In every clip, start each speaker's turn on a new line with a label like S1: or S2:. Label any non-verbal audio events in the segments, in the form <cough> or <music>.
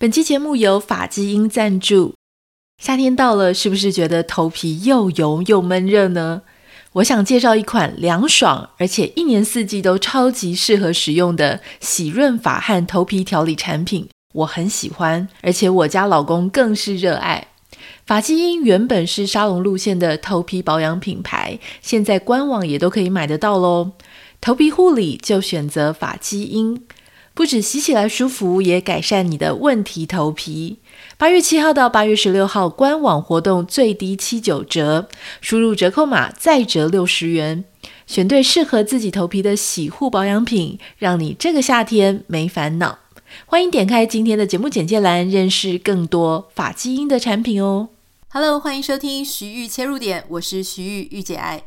S1: 本期節目由髮基因贊助。夏天到了，是不是覺得頭皮又油又悶熱呢？我想介紹一款涼爽而且一年四季都超級適合使用的洗潤髮和頭皮調理產品，我很喜歡，而且我家老公更是熱愛。髮基因原本是沙龍路線的頭皮保養品牌，現在官網也都可以買得到嘍。頭皮護理就選擇髮基因。不只洗起來舒服，也改善你的問題頭皮。八月七號到八月十六號，官網活動最低七九折，輸入折扣碼再折六十元。選對適合自己頭皮的洗護保養品，讓你這個夏天沒煩惱。歡迎點開今天的節目簡介欄，認識更多髮基因的產品哦。Hello，歡迎收聽徐豫切入點，我是徐豫，御姐愛。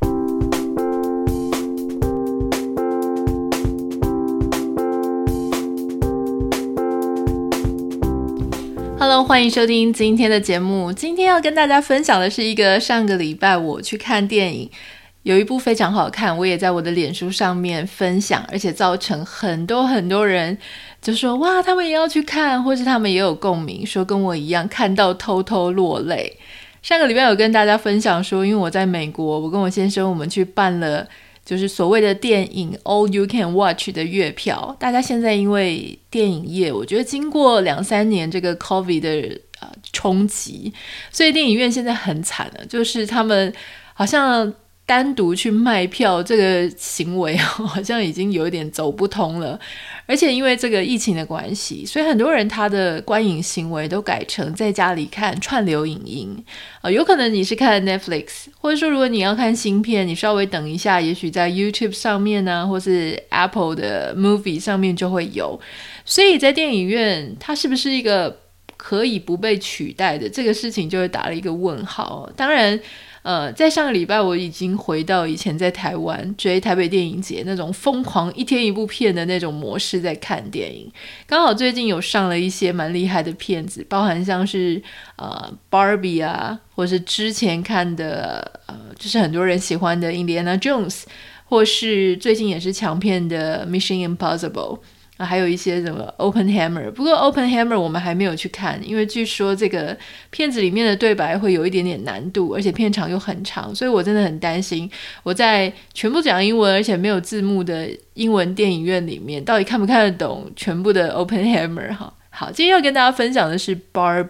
S1: Hello，歡迎收聽今天的節目。今天要跟大家分享的是一個上個禮拜我去看電影，有一部非常好看，我也在我的臉書上面分享，而且造成很多很多人就說哇，他們也要去看，或是他們也有共鳴，說跟我一樣看到偷偷落淚。上個禮拜有跟大家分享說，因為我在美國，我跟我先生我們去辦了。就是所謂的電影 all you can watch 的月票，大家現在因為電影業，我覺得經過兩三年這個 COVID 的呃衝擊，所以電影院現在很慘了，就是他們好像。單獨去賣票這個行為好像已經有一點走不通了，而且因為這個疫情的關係，所以很多人他的觀影行為都改成在家裡看串流影音啊、呃，有可能你是看 Netflix，或者說如果你要看新片，你稍微等一下，也許在 YouTube 上面呢，或是 Apple 的 Movie 上面就會有。所以在電影院，它是不是一個？可以不被取代的這個事情，就會打了一個問號。當然，呃，在上個禮拜我已經回到以前在台灣追台北電影節那種瘋狂一天一部片的那種模式，在看電影。剛好最近有上了一些蠻厲害的片子，包含像是呃 Barbie 啊，或是之前看的呃，就是很多人喜歡的 Indiana Jones，或是最近也是強片的 Mission Impossible。啊，還有一些什麼《Oppenheimer》，不過《Oppenheimer》我們還沒有去看，因為據說這個片子裡面的對白會有一點點難度，而且片長又很長，所以我真的很擔心我在全部講英文而且沒有字幕的英文電影院裡面，到底看不看得懂全部的《Oppenheimer》哈。好，今天要跟大家分享的是 bar《Barbie》。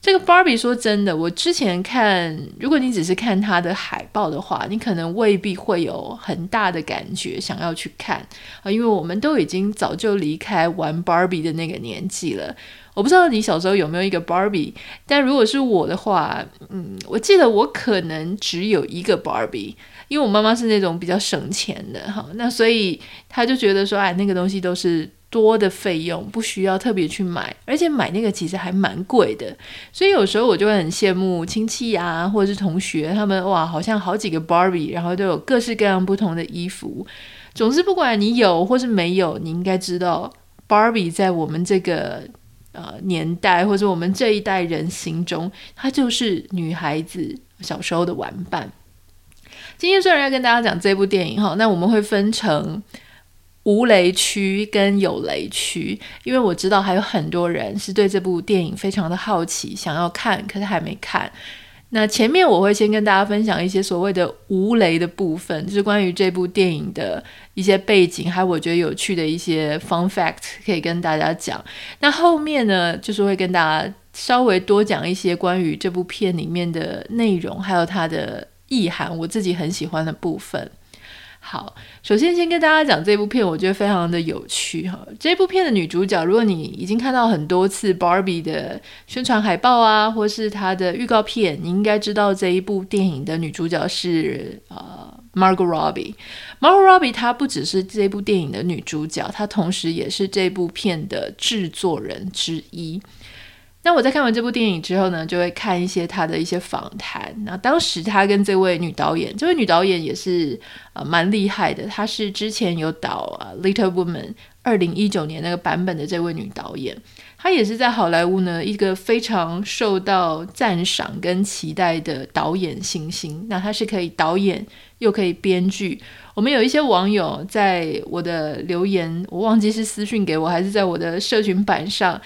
S1: 這個 Barbie 說真的，我之前看，如果你只是看它的海報的話，你可能未必會有很大的感覺想要去看啊，因為我們都已經早就離開玩 Barbie 的那個年紀了。我不知道你小時候有沒有一個 Barbie，但如果是我的話，嗯，我記得我可能只有一個 Barbie，因為我媽媽是那種比較省錢的哈，那所以她就覺得說，哎，那個東西都是。多的費用不需要特別去買，而且買那個其實還蠻貴的，所以有時候我就會很羨慕親戚啊，或者是同學，他們哇，好像好幾個 Barbie，然後都有各式各樣不同的衣服。總之，不管你有或是沒有，你應該知道 Barbie 在我們這個呃年代，或者我們這一代人心中，她就是女孩子小時候的玩伴。今天雖然要跟大家講這部電影哈，那我們會分成。無雷區跟有雷區，因為我知道還有很多人是對這部電影非常的好奇，想要看，可是還沒看。那前面我會先跟大家分享一些所謂的無雷的部分，就是關於這部電影的一些背景，還有我覺得有趣的一些 fun fact 可以跟大家講。那後面呢，就是會跟大家稍微多講一些關於這部片裡面的內容，還有它的意涵，我自己很喜歡的部分。好，首先先跟大家講這部片，我覺得非常的有趣哈。這部片的女主角，如果你已經看到很多次 Barbie 的宣傳海報啊，或是她的預告片，你應該知道這一部電影的女主角是呃 Margot Robbie。Margot Robbie 她不只是這部電影的女主角，她同時也是這部片的制作人之一。那我在看完這部電影之後呢，就會看一些她的一些訪談。那當時她跟這位女導演，這位女導演也是呃蠻厲害的。她是之前有導啊，《Little Woman》二零一九年那個版本的這位女導演，她也是在好萊塢呢一個非常受到讚賞跟期待的導演新星，星。那她是可以導演又可以編劇。我們有一些網友在我的留言，我忘記是私訊給我還是在我的社群版上。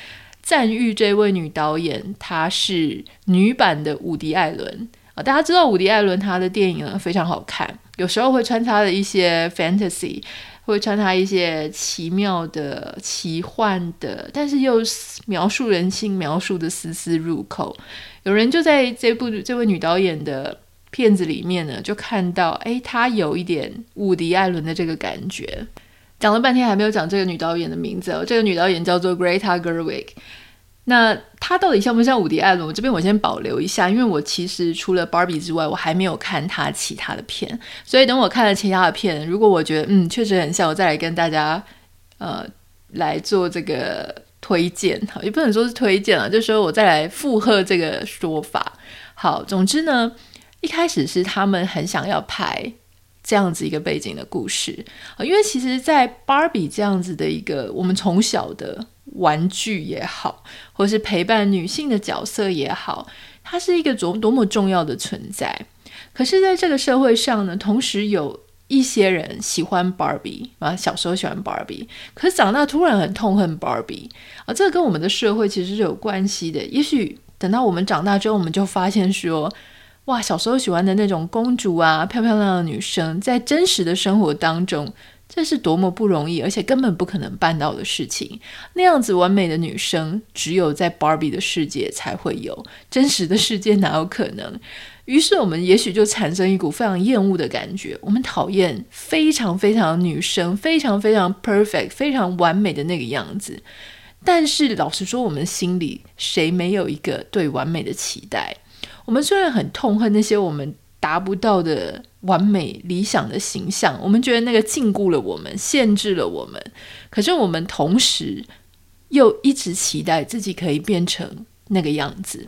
S1: 贊譽這位女導演，她是女版的伍迪·艾倫啊！大家知道伍迪·艾倫，他的電影呢非常好看，有時候會穿插了一些 fantasy，會穿插一些奇妙的、奇幻的，但是又描述人性描述得絲絲入扣。有人就在這部這位女導演的片子裡面呢，就看到，哎，她有一點伍迪·艾倫的這個感覺。講了半天還沒有講這個女導演的名字哦，這個女導演叫做 Greta Gerwig。那她到底像不像伍迪·艾倫？我這邊我先保留一下，因為我其實除了 Barbie 之外，我還沒有看她其他的片。所以等我看了其他的片，如果我覺得嗯確實很像，我再來跟大家呃來做這個推薦哈，也不能說是推薦了，啊，就是說我再來附和這個說法。好，總之呢，一開始是他們很想要拍。這樣子一個背景的故事啊，因為其實，在芭比這樣子的一個我們從小的玩具也好，或是陪伴女性的角色也好，它是一個多多麼重要的存在。可是，在這個社會上呢，同時有一些人喜歡芭比啊，小時候喜歡芭比，可是長大突然很痛恨芭比啊，這個跟我們的社會其實是有關係的。也許等到我們長大之後，我們就發現說。哇，小時候喜歡的那種公主啊，漂漂亮亮的女生，在真實的生活當中，這是多麼不容易，而且根本不可能辦到的事情。那樣子完美的女生，只有在 Barbie 的世界才會有，真實的世界哪有可能？於是我們也許就產生一股非常厭惡的感覺，我們討厭非常非常女生，非常非常 perfect，非常完美的那個樣子。但是老實說，我們心裡誰沒有一個對完美的期待？我們雖然很痛恨那些我們達不到的完美理想的形象，我們覺得那個禁錮了我們，限制了我們。可是我們同時又一直期待自己可以變成那個樣子。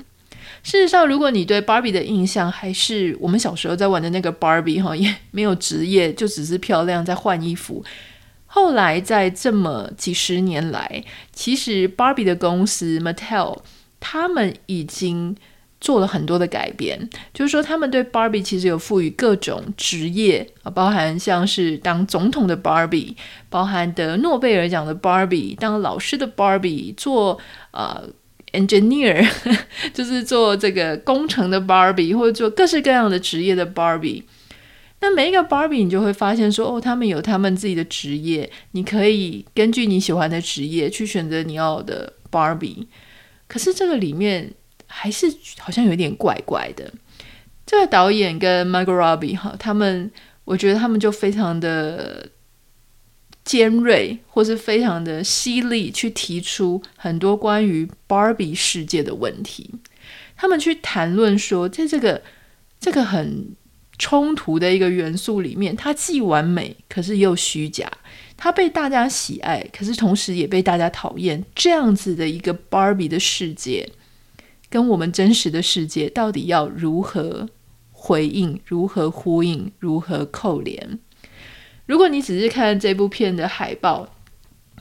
S1: 事實上，如果你對 Barbie 的印象還是我們小時候在玩的那個 Barbie 哈，也沒有職業，就只是漂亮在換衣服。後來在這麼幾十年來，其實 Barbie 的公司 Mattel，他們已經，做了很多的改變，就是說，他們對 Barbie 其實有賦予各種職業，啊，包含像是當總統的 Barbie，包含得諾貝爾獎的 Barbie，當老師的 Barbie，做呃 engineer， <laughs> 就是做這個工程的 Barbie，或者做各式各樣的職業的 Barbie。那每一個 Barbie，你就會發現說，哦，他們有他們自己的職業，你可以根據你喜歡的職業去選擇你要的 Barbie。可是這個裡面。還是好像有點怪怪的。這個導演跟 Margot Robbie 哈，他們我覺得他們就非常的尖銳，或是非常的犀利，去提出很多關於 Barbie 世界的問題。他們去談論說，在這個這個很衝突的一個元素裡面，它既完美可是又虛假，它被大家喜愛，可是同時也被大家討厭。這樣子的一個 Barbie 的世界。跟我們真實的世界到底要如何回應、如何呼應、如何扣連？如果你只是看這部片的海報，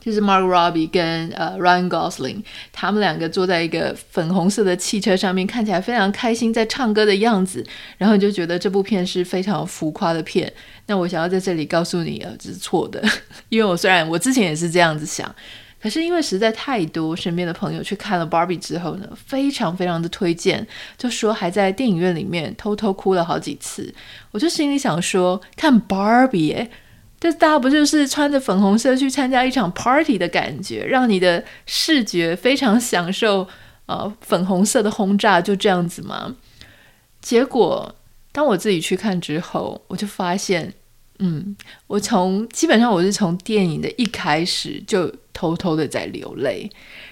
S1: 就是 Margot Robbie 跟呃、uh, Ryan Gosling 他們兩個坐在一個粉紅色的汽車上面，看起來非常開心在唱歌的樣子，然後就覺得這部片是非常浮誇的片。那我想要在這裡告訴你，啊，這是錯的，因為我雖然我之前也是這樣子想。可是因為實在太多，身邊的朋友去看了 Barbie 之後呢，非常非常的推薦，就說還在電影院裡面偷偷哭了好幾次。我就心裡想說，看 Barbie，誒，但大家不就是穿着粉紅色去參加一場 party 的感覺，讓你的視覺非常享受，呃，粉紅色的轟炸就這樣子嗎？結果當我自己去看之後，我就發現。嗯，我從基本上我是從電影的一開始就偷偷的在流淚，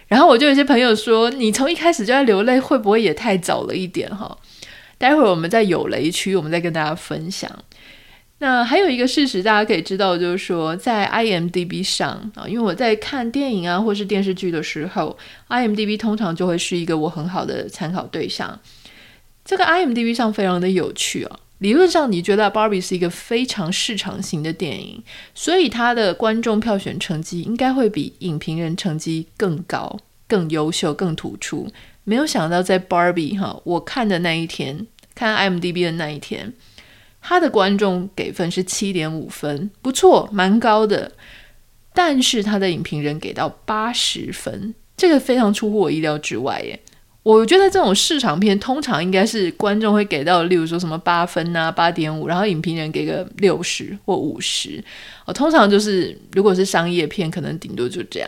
S1: 然後我就有些朋友說，你從一開始就在流淚，會不會也太早了一點哈、哦？待會兒我們在有雷區，我們再跟大家分享。那還有一個事實大家可以知道，就是說在 IMDB 上啊、哦，因為我在看電影啊或是電視劇的時候，IMDB 通常就會是一個我很好的參考對象。這個 IMDB 上非常的有趣哦。理論上，你覺得《Barbie》是一個非常市場型的電影，所以它的觀眾票選成績應該會比影評人成績更高、更優秀、更突出。沒有想到，在《Barbie》哈，我看的那一天，看 IMDB 的那一天，它的觀眾給分是七點五分，不錯，蠻高的。但是它的影評人給到八十分，這個非常出乎我意料之外，耶。我覺得這種市場片通常應該是觀眾會給到，例如說什麼八分啊、八點五，然後影評人給個六十或五十。我、哦、通常就是如果是商業片，可能頂多就這樣。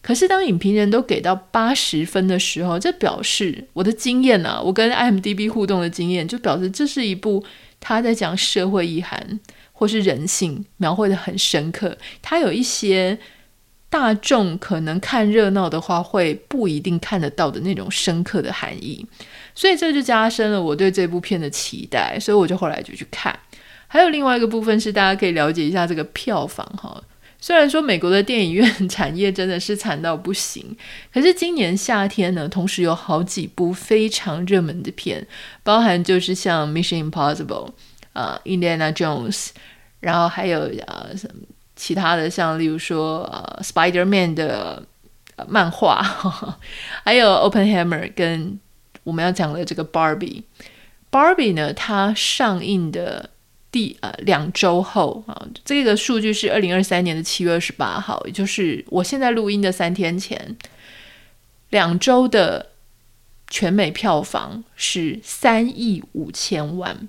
S1: 可是當影評人都給到八十分的時候，這表示我的經驗啊，我跟 IMDB 互動的經驗，就表示這是一部他在講社會意涵或是人性，描繪得很深刻。他有一些。大眾可能看熱鬧的話，會不一定看得到的那種深刻的含義，所以這就加深了我對這部片的期待，所以我就後來就去看。還有另外一個部分是，大家可以了解一下這個票房哈。雖然說美國的電影院產業真的是慘到不行，可是今年夏天呢，同時有好幾部非常熱門的片，包含就是像《Mission Impossible》啊，Indiana Jones，然後還有、啊、什麼。其他的像，例如說，呃，Spider-Man 的漫畫，哈哈，還有 Oppenheimer 跟我們要講的這個 Barbie，Barbie 呢，它上映的第呃兩周後啊，這個數據是二零二三年的七月二十八號，也就是我現在錄音的三天前，兩周的全美票房是三億五千萬。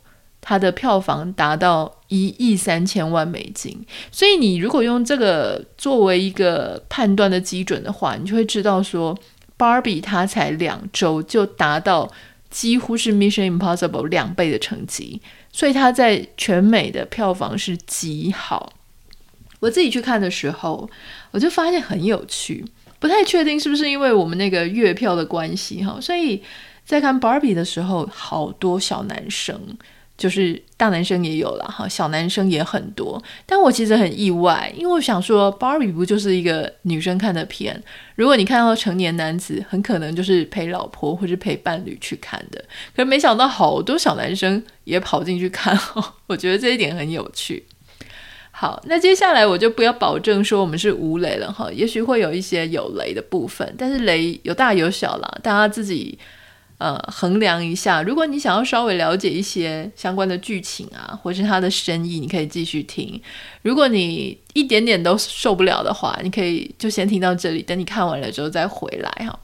S1: 它的票房達到一億三千萬美金，所以你如果用這個作為一個判斷的基準的話，你就會知道說，Barbie 他才兩周就達到幾乎是 Mission Impossible 兩倍的成績，所以他在全美的票房是極好。我自己去看的時候，我就發現很有趣，不太確定是不是因為我們那個月票的關係哈，所以在看 Barbie 的時候，好多小男生。就是大男生也有了哈，小男生也很多。但我其實很意外，因為我想說，Barbie 不就是一個女生看的片？如果你看到成年男子，很可能就是陪老婆或是陪伴侶去看的。可是沒想到，好多小男生也跑進去看哦，我覺得這一點很有趣。好，那接下來我就不要保證說我們是無雷了哈，也許會有一些有雷的部分，但是雷有大有小啦，大家自己。呃，衡量一下，如果你想要稍微了解一些相關的劇情啊，或是它的深意，你可以繼續聽；如果你一點點都受不了的話，你可以就先聽到這裡，等你看完了之後再回來哈、哦。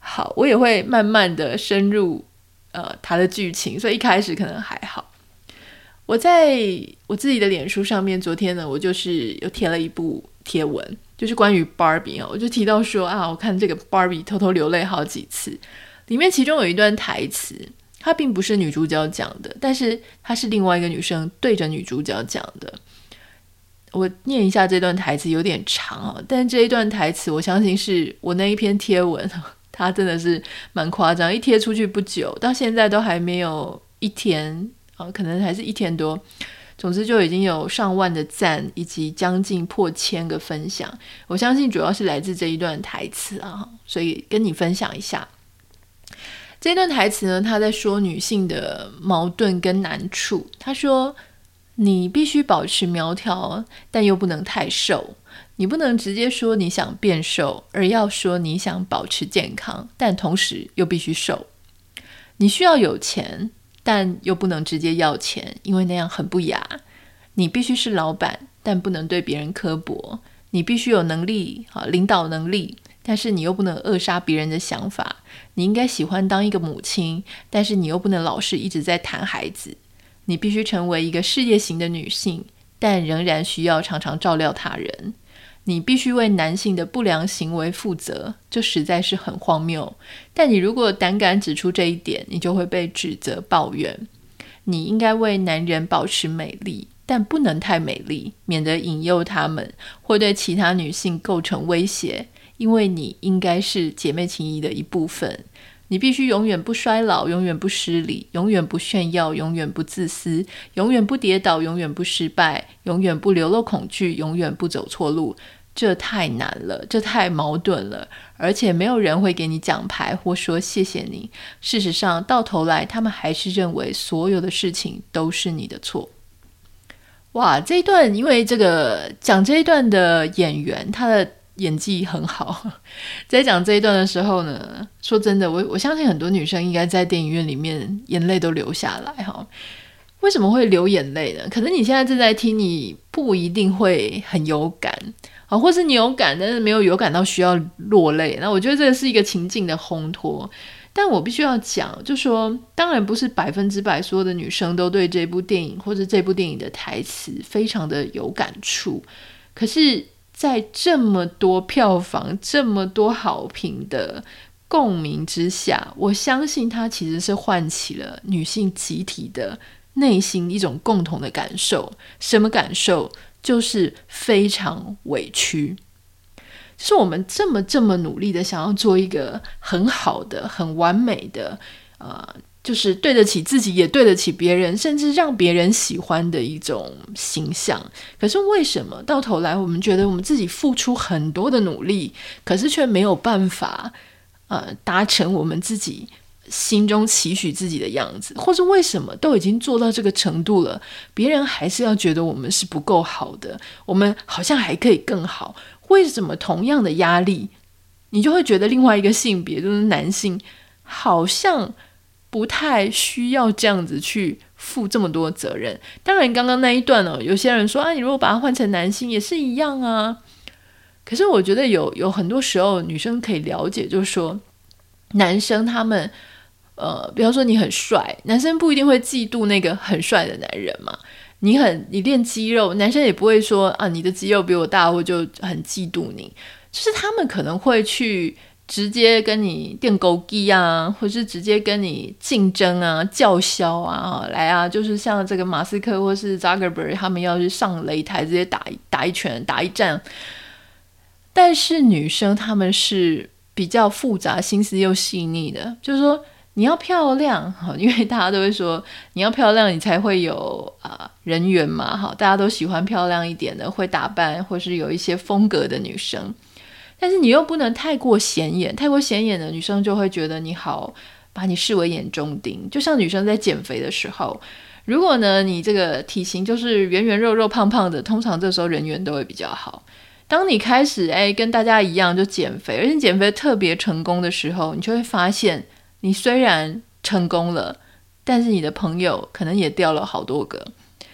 S1: 好，我也會慢慢的深入呃它的劇情，所以一開始可能還好。我在我自己的臉書上面，昨天呢，我就是有貼了一部貼文，就是關於 Barbie 啊、哦，我就提到說啊，我看這個 Barbie 偷偷流淚好幾次。裡面其中有一段台詞，它並不是女主角講的，但是它是另外一個女生對着女主角講的。我念一下這段台詞，有點長哦。但這一段台詞，我相信是我那一篇貼文，它真的是蠻誇張。一貼出去不久，到現在都還沒有一天啊，可能還是一天多。總之就已經有上萬的讚，以及將近破千個分享。我相信主要是來自這一段台詞啊，所以跟你分享一下。這段台詞呢，他在說女性的矛盾跟難處。他說：“你必須保持苗條，但又不能太瘦。你不能直接說你想變瘦，而要說你想保持健康，但同時又必須瘦。你需要有錢，但又不能直接要錢，因為那樣很不雅。你必須是老闆，但不能對別人刻薄。你必須有能力啊，領導能力。”但是你又不能扼殺別人的想法，你應該喜歡當一個母親，但是你又不能老是一直在談孩子。你必須成為一個事業型的女性，但仍然需要常常照料他人。你必須為男性的不良行為負責，這實在是很荒謬。但你如果膽敢指出這一點，你就會被指責、抱怨。你應該為男人保持美麗，但不能太美麗，免得引誘他們，會對其他女性構成威脅。因為你應該是姐妹情誼的一部分，你必須永遠不衰老，永遠不失禮，永遠不炫耀，永遠不自私，永遠不跌倒，永遠不失敗，永遠不流露恐懼，永遠不走錯路。這太難了，這太矛盾了，而且沒有人會給你獎牌或說謝謝你。事實上，到頭來他們還是認為所有的事情都是你的錯。哇，這一段因為這個講這一段的演員他的。演技很好， <laughs> 在講這一段的時候呢，說真的，我我相信很多女生應該在電影院裡面眼淚都流下來哈。為什麼會流眼淚呢？可能你現在正在聽，你不一定會很有感啊，或是你有感，但是沒有有感到需要落淚。那我覺得這個是一個情境的烘托，但我必須要講，就說當然不是百分之百所有的女生都對這部電影或者這部電影的台詞非常的有感觸，可是。在這麼多票房、這麼多好評的共鳴之下，我相信它其實是喚起了女性集體的內心一種共同的感受。什麼感受？就是非常委屈，就是我們這麼這麼努力的想要做一個很好的、很完美的，呃。就是對得起自己，也對得起別人，甚至讓別人喜歡的一種形象。可是為什麼到頭來，我們覺得我們自己付出很多的努力，可是卻沒有辦法呃達成我們自己心中期許自己的樣子？或是為什麼都已經做到這個程度了，別人還是要覺得我們是不夠好的？我們好像還可以更好。為什麼同樣的壓力，你就會覺得另外一個性別，就是男性好像？不太需要這樣子去負這麼多責任。當然，剛剛那一段哦，有些人說啊，你如果把它換成男性也是一樣啊。可是我覺得有有很多時候女生可以了解，就是說男生他們，呃，比方說你很帥，男生不一定會嫉妒那個很帥的男人嘛。你很你練肌肉，男生也不會說，啊你的肌肉比我大，我就很嫉妒你。就是他們可能會去。直接跟你電狗機啊，或是直接跟你競爭啊、叫囂啊、來啊，就是像這個馬斯克或是扎克伯格他們要是上擂台直接打打一拳，打一戰。但是女生她們是比較複雜、心思又細膩的，就是說你要漂亮哈，因為大家都會說你要漂亮，你才會有啊人緣嘛哈，大家都喜歡漂亮一點的，會打扮或是有一些風格的女生。但是你又不能太過顯眼，太過顯眼的女生就會覺得你好，把你視為眼中釘。就像女生在減肥的時候，如果呢你這個體型就是圓圓肉肉胖胖的，通常這時候人緣都會比較好。當你開始誒、哎、跟大家一樣就減肥，而且減肥特別成功的時候，你就會發現你雖然成功了，但是你的朋友可能也掉了好多個。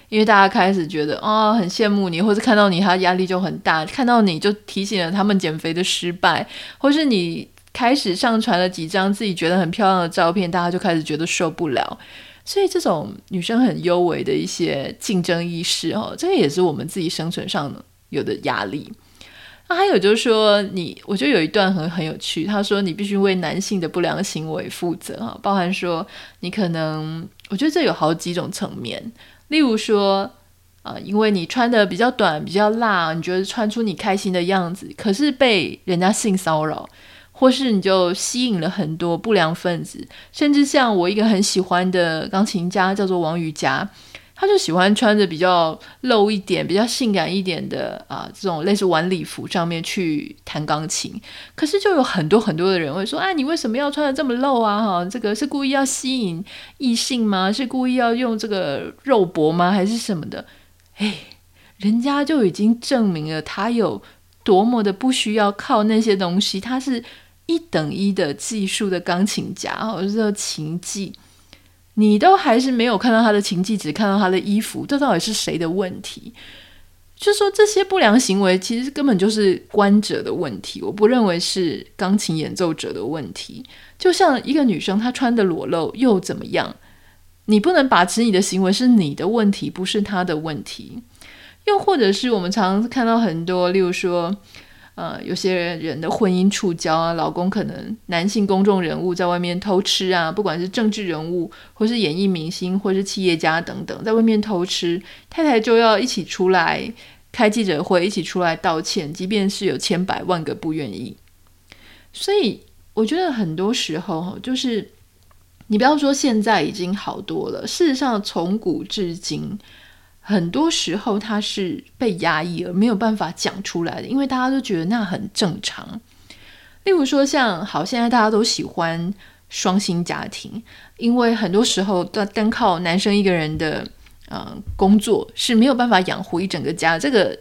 S1: 因為大家開始覺得啊、哦，很羨慕你，或是看到你，他壓力就很大；看到你就提醒了他們減肥的失敗，或是你開始上傳了幾張自己覺得很漂亮的照片，大家就開始覺得受不了。所以這種女生很幽微的一些競爭意識，哈，這個也是我們自己生存上有的壓力。那、啊、還有就是說，你我覺得有一段很很有趣，她說你必須為男性的不良行為負責，哈，包含說你可能，我覺得這有好幾種層面。例如說，啊、呃，因為你穿得比較短、比較辣，你覺得穿出你開心的樣子，可是被人家性騷擾，或是你就吸引了很多不良分子，甚至像我一個很喜歡的鋼琴家，叫做王羽佳。他就喜歡穿着比較露一點、比較性感一點的啊，這種類似晚禮服上面去彈鋼琴。可是就有很多很多的人會說：“啊、哎，你為什麼要穿得這麼露啊？哈，這個是故意要吸引異性嗎？是故意要用這個肉搏嗎？還是什麼的？”哎，人家就已經證明了他有多麼的不需要靠那些東西，他是一等一的技術的鋼琴家，我是說琴技。你都還是沒有看到他的琴技，只看到他的衣服，這到底是誰的問題？就說這些不良行為，其實根本就是觀者的問題。我不認為是鋼琴演奏者的問題。就像一個女生，她穿的裸露又怎麼樣？你不能把持你的行為是你的問題，不是她的問題。又或者是我們常常看到很多，例如說。呃，有些人，人的婚姻觸礁啊，老公可能男性公眾人物在外面偷吃啊，不管是政治人物，或是演藝明星，或是企業家等等，在外面偷吃，太太就要一起出來開記者會，一起出來道歉，即便是有千百萬個不願意。所以，我覺得很多時候，就是你不要說現在已經好多了，事實上從古至今。很多時候他是被壓抑而沒有辦法講出來的，因為大家都覺得那很正常。例如說像，像好，現在大家都喜歡雙薪家庭，因為很多時候單單靠男生一個人的呃工作是沒有辦法養活一整個家。這個，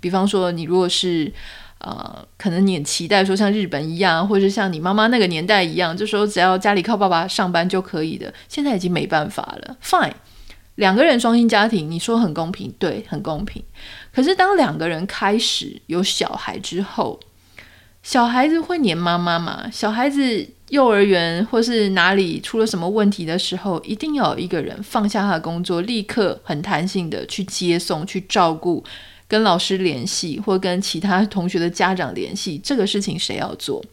S1: 比方說，你如果是呃，可能你很期待說像日本一樣，或是像你媽媽那個年代一樣，就說只要家裡靠爸爸上班就可以的，現在已經沒辦法了。Fine。兩個人雙薪家庭，你說很公平，對，很公平。可是當兩個人開始有小孩之後，小孩子會黏媽媽嘛，小孩子幼兒園或是哪裡出了什麼問題的時候，一定要有一個人放下他的工作，立刻很彈性的去接送、去照顧、跟老師聯繫或跟其他同學的家長聯繫。這個事情誰要做？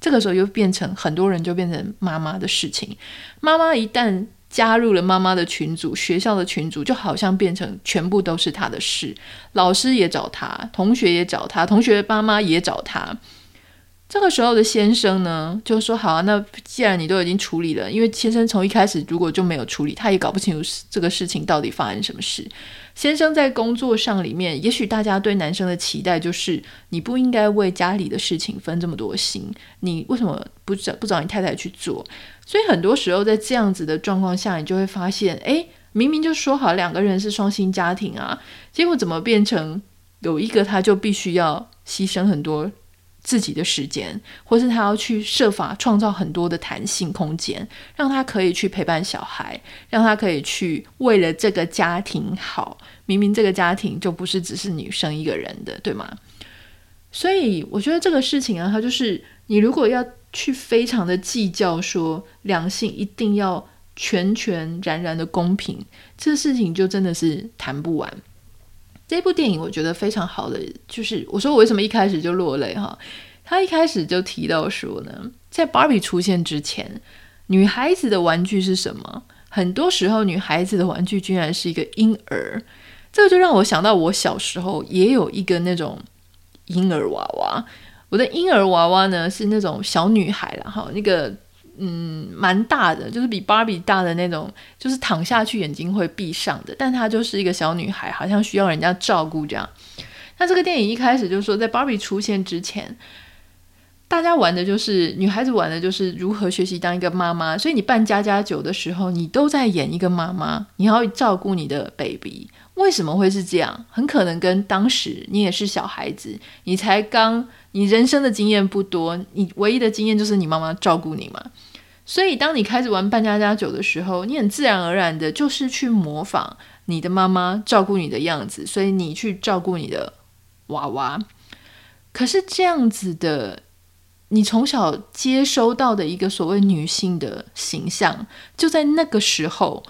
S1: 這個時候又變成很多人就變成媽媽的事情。媽媽一旦加入了媽媽的群組，學校的群組就好像變成全部都是他的事，老師也找他，同學也找他，同學爸媽也找他。這個時候的先生呢，就說好啊，那既然你都已經處理了，因為先生從一開始如果就沒有處理，他也搞不清楚這個事情到底發生什麼事。先生在工作上裡面，也許大家對男生的期待就是，你不應該為家裡的事情分這麼多心，你為什麼不找不找你太太去做？所以很多時候在這樣子的狀況下，你就會發現，哎、欸，明明就說好兩個人是雙薪家庭啊，結果怎麼變成有一個他就必須要犧牲很多？自己的時間，或是他要去設法創造很多的彈性空間，讓他可以去陪伴小孩，讓他可以去為了這個家庭好。明明這個家庭就不是只是女生一個人的，對嗎？所以我覺得這個事情啊，他就是你如果要去非常的計較說，兩性一定要全全然然的公平，這事情就真的是談不完。這部電影我覺得非常好的，就是我說我為什麼一開始就落淚哈？他一開始就提到說呢，在 Barbie 出現之前，女孩子的玩具是什麼？很多時候女孩子的玩具居然是一個嬰兒。這個、就讓我想到我小時候也有一個那種嬰兒娃娃。我的嬰兒娃娃呢是那種小女孩然後哈，那個。嗯，蠻大的，就是比 Barbie 大的那種，就是躺下去眼睛會閉上的。但她就是一個小女孩，好像需要人家照顧這樣。那這個電影一開始就是說，在 Barbie 出現之前。大家玩的就是女孩子玩的就是如何學習當一個媽媽，所以你扮家家酒的時候，你都在演一個媽媽，你要照顧你的 baby。為什麼會是這樣？很可能跟當時你也是小孩子，你才剛，你人生的經驗不多，你唯一的經驗就是你媽媽照顧你嘛。所以當你開始玩扮家家酒的時候，你很自然而然的就是去模仿你的媽媽照顧你的樣子，所以你去照顧你的娃娃。可是這樣子的。你從小接收到的一個所謂女性的形象，就在那個時候，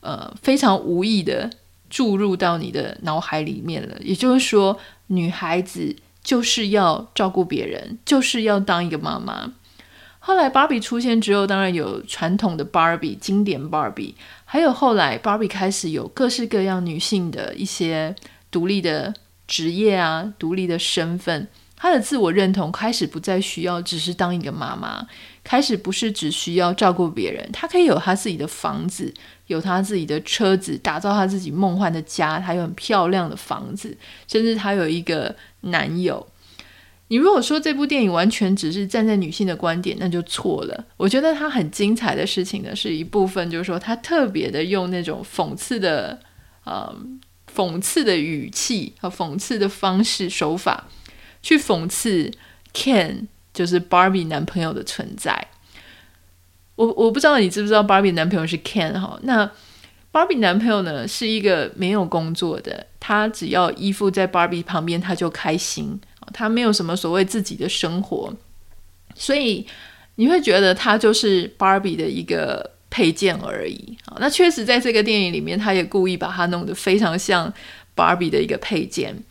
S1: 呃，非常無意的注入到你的腦海裡面了。也就是說，女孩子，就是要照顧別人，就是要當一個媽媽。後來 Barbie 出現之後，當然有傳統的 Barbie，經典 Barbie，還有後來 Barbie 開始有各式各樣女性的一些獨立的職業啊，獨立的身份。他的自我認同開始不再需要，只是當一個媽媽，開始不是只需要照顧別人，他可以有他自己的房子，有他自己的車子，打造他自己夢幻的家，他有很漂亮的房子，甚至他有一個男友。你如果說這部電影完全只是站在女性的觀點，那就錯了。我覺得他很精彩的事情呢，是一部分就是說，他特別的用那種諷刺的、呃、諷刺的語氣和諷刺的方式手法。去諷刺 Ken 就是 Barbie 男朋友的存在，我我不知道你知不知道 Barbie 男朋友是 Ken 哈？那 Barbie 男朋友呢是一個沒有工作的，他只要依附在 Barbie 旁邊他就開心，他沒有什麼所謂自己的生活，所以你會覺得他就是 Barbie 的一個配件而已啊！那確實在這個電影裡面，他也故意把它弄得非常像 Barbie 的一個配件。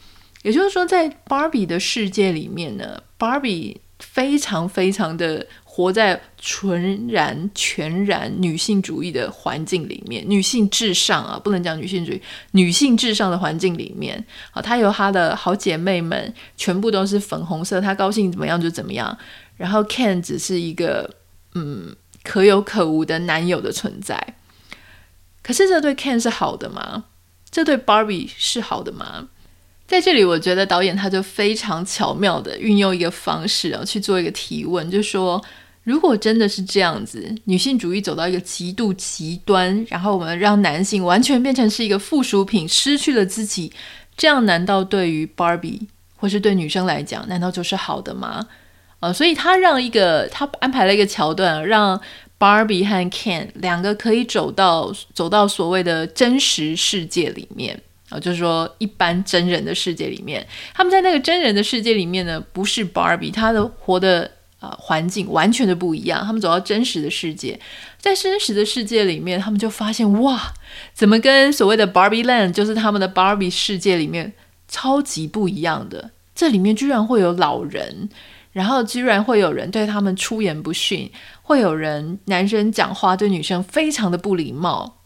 S1: 也就是說，在 Barbie 的世界裡面呢，Barbie 非常非常的活在純然、全然女性主義的環境裡面，女性至上啊，不能講女性主義，女性至上的環境裡面啊，她有她的好姐妹們，全部都是粉紅色，她高興怎麼樣就怎麼樣。然後 Ken 只是一個嗯可有可無的男友的存在。可是這對 Ken 是好的嗎？這對 Barbie 是好的嗎？在這裡，我覺得導演他就非常巧妙的運用一個方式，然後、啊、去做一個提問，就說如果真的是這樣子，女性主義走到一個極度極端，然後我們讓男性完全變成是一個附屬品，失去了自己，這樣難道對於 Barbie 或是對女生來講，難道就是好的嗎？呃、哦，所以他讓一個他安排了一個橋段，讓 Barbie 和 Ken 兩個可以走到走到所謂的真實世界裡面。啊，就是說，一般真人的世界裡面，他們在那個真人的世界裡面呢，不是 Barbie，他的活的啊、呃、環境完全的不一樣。他們走到真實的世界，在真實的世界裡面，他們就發現哇，怎麼跟所謂的 Barbie Land，就是他們的 Barbie 世界裡面超級不一樣的？這裡面居然會有老人，然後居然會有人對他們出言不遜，會有人男生講話對女生非常的不禮貌。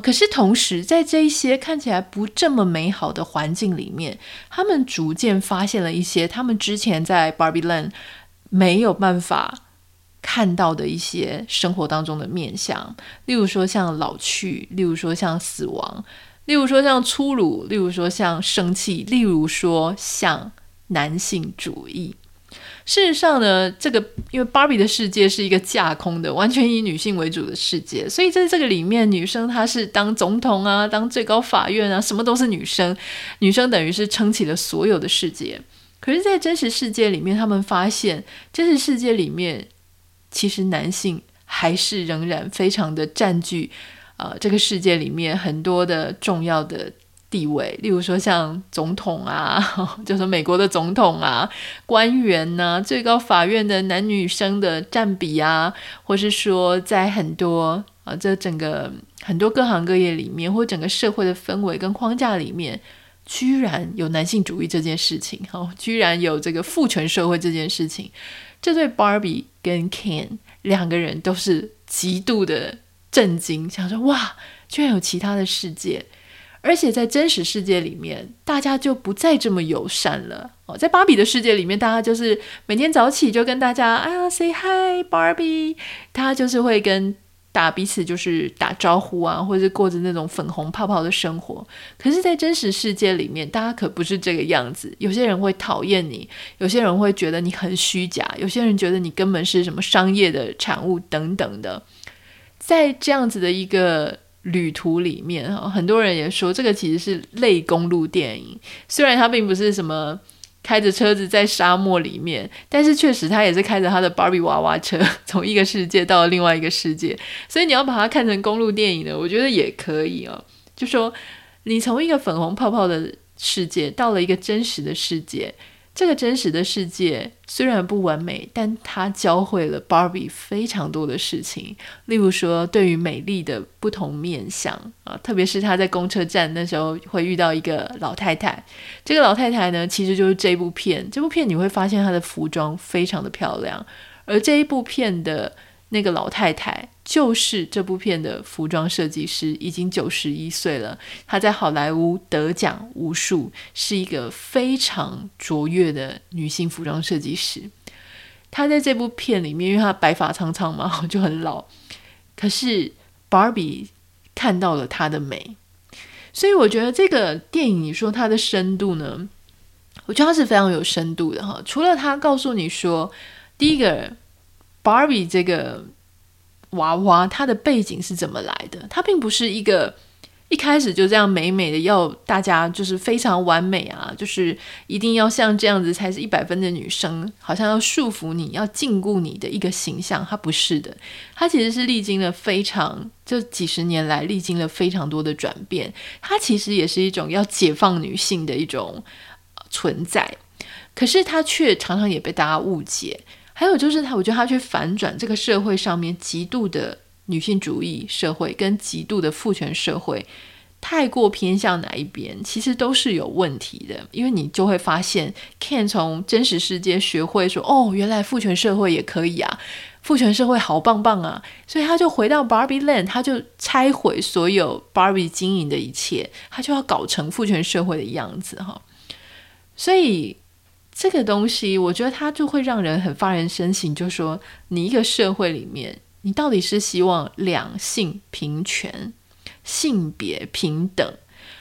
S1: 可是同時，在這一些看起來不這麼美好的環境裡面，他們逐漸發現了一些他們之前在 Barbieland 沒有辦法看到的一些生活當中的面向，例如說像老去，例如說像死亡，例如說像粗魯，例如說像生氣，例如說像男性主義。事實上呢，這個因為芭比的世界是一個架空的，完全以女性為主的世界，所以在這個裡面，女生她是當總統啊，當最高法院啊，什麼都是女生，女生等於是撐起了所有的世界。可是，在真實世界裡面，他們發現真實世界裡面，其實男性還是仍然非常的佔據，啊、呃，這個世界裡面很多的重要的。地位，例如說像總統啊、哦，就是美國的總統啊，官員吶、啊，最高法院的男女生的佔比啊，或是說在很多啊、哦，這整個很多各行各業裡面，或整個社會的氛圍跟框架裡面，居然有男性主義這件事情，哦，居然有這個父權社會這件事情，這對 Barbie 跟 Ken 兩個人都是極度的震驚，想說哇，居然有其他的世界。而且在真實世界裡面，大家就不再這麼友善了哦。在芭比的世界裡面，大家就是每天早起就跟大家啊 say hi，芭比他就是會跟打彼此就是打招呼啊，或者是過着那種粉紅泡泡的生活。可是，在真實世界裡面，大家可不是這個樣子。有些人會討厭你，有些人會覺得你很虛假，有些人覺得你根本是什麼商業的產物等等的。在這樣子的一個。旅途裡面，哈，很多人也說這個其實是類公路電影。雖然它並不是什麼開着車子在沙漠裡面，但是確實他也是開着他的芭比娃娃車，從一個世界到另外一個世界。所以你要把它看成公路電影呢，我覺得也可以哦。就說你從一個粉紅泡泡的世界到了一個真實的世界。這個真實的世界雖然不完美，但它教會了 Barbie 非常多的事情。例如說，對於美麗的不同面向啊，特別是她在公車站那時候會遇到一個老太太。這個老太太呢，其實就是這部片。這部片你會發現她的服裝非常的漂亮，而這一部片的那個老太太。就是這部片的服裝設計師已經九十一歲了，她在好萊塢得獎無數，是一個非常卓越的女性服裝設計師。她在這部片裡面，因為她白髮蒼蒼嘛，就很老。可是 Barbie 看到了她的美，所以我覺得這個電影，你說它的深度呢？我覺得它是非常有深度的哈。除了他告訴你說，第一個 Barbie 這個。娃娃她的背景是怎麼來的？她並不是一個一開始就這樣美美的，要大家就是非常完美啊，就是一定要像這樣子才是一百分的女生，好像要束縛你，要禁錮你的一個形象。她不是的，她其實是歷經了非常就幾十年來歷經了非常多的轉變。她其實也是一種要解放女性的一種存在，可是她卻常常也被大家誤解。還有就是他，我覺得他去反轉這個社會上面極度的女性主義社會跟極度的父權社會，太過偏向哪一邊，其實都是有問題的。因為你就會發現，Ken 從真實世界學會說：“哦，原來父權社會也可以啊，父權社會好棒棒啊！”所以他就回到 Barbie Land，他就拆毀所有 Barbie 經營的一切，他就要搞成父權社會的樣子哈。所以。這個東西，我覺得它就會讓人很發人深省，就說你一個社會裡面，你到底是希望兩性平權、性別平等，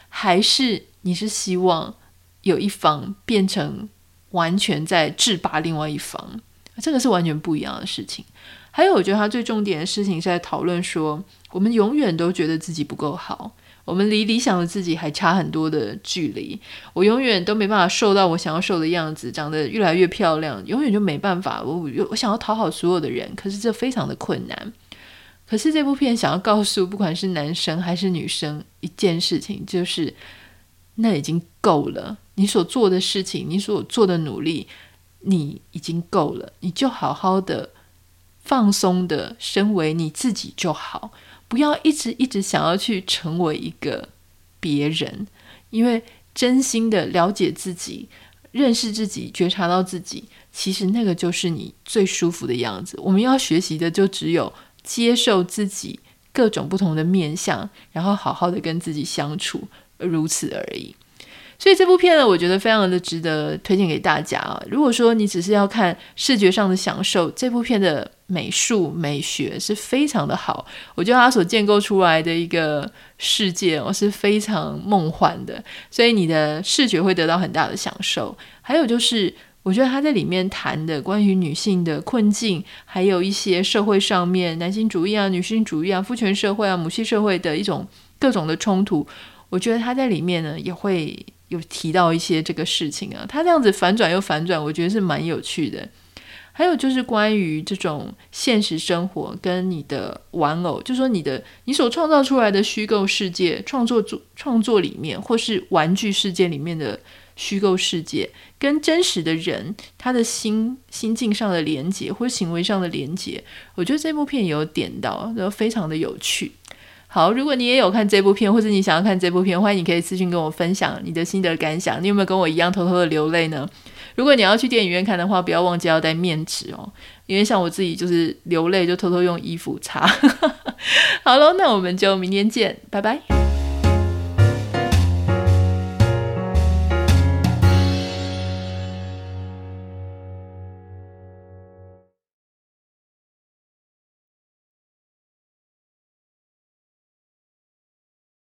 S1: 還是你是希望有一方變成完全在制霸另外一方？這個是完全不一樣的事情。還有，我覺得它最重點的事情是在討論說，我們永遠都覺得自己不夠好。我們離理想的自己還差很多的距離，我永遠都沒辦法瘦到我想要瘦的樣子，長得越來越漂亮，永遠就沒辦法。我我想要討好所有的人，可是這非常的困難。可是這部片想要告訴不管是男生還是女生一件事情，就是那已經夠了。你所做的事情，你所做的努力，你已經夠了。你就好好的放鬆的身為你自己就好。不要一直一直想要去成為一個別人，因為真心的了解自己、認識自己、覺察到自己，其實那個就是你最舒服的樣子。我們要學習的就只有接受自己各種不同的面向，然後好好的跟自己相處，如此而已。所以這部片呢，我覺得非常的值得推薦給大家啊。如果說你只是要看視覺上的享受，這部片的。美術美學是非常的好，我覺得他所建構出來的一個世界哦是非常夢幻的，所以你的視覺會得到很大的享受。還有就是，我覺得他在裡面談的關於女性的困境，還有一些社會上面男性主義啊、女性主義啊、父權社會啊、母系社會的一種各種的衝突，我覺得他在裡面呢也會有提到一些這個事情啊。他這樣子反轉又反轉，我覺得是蠻有趣的。還有就是關於這種現實生活跟你的玩偶，就是說你的你所創造出來的虛構世界，創作創作裡面或是玩具世界裡面的虛構世界，跟真實的人他的心心境上的連接或行為上的連接，我覺得這部片也有點到，然後非常的有趣。好，如果你也有看這部片，或者你想要看這部片，歡迎你可以私信跟我分享你的心得感想。你有沒有跟我一樣偷偷的流淚呢？如果你要去電影院看的話，不要忘記要帶面紙哦，因為像我自己就是流淚就偷偷用衣服擦。 <laughs> 好了，那我們就明天見，拜拜。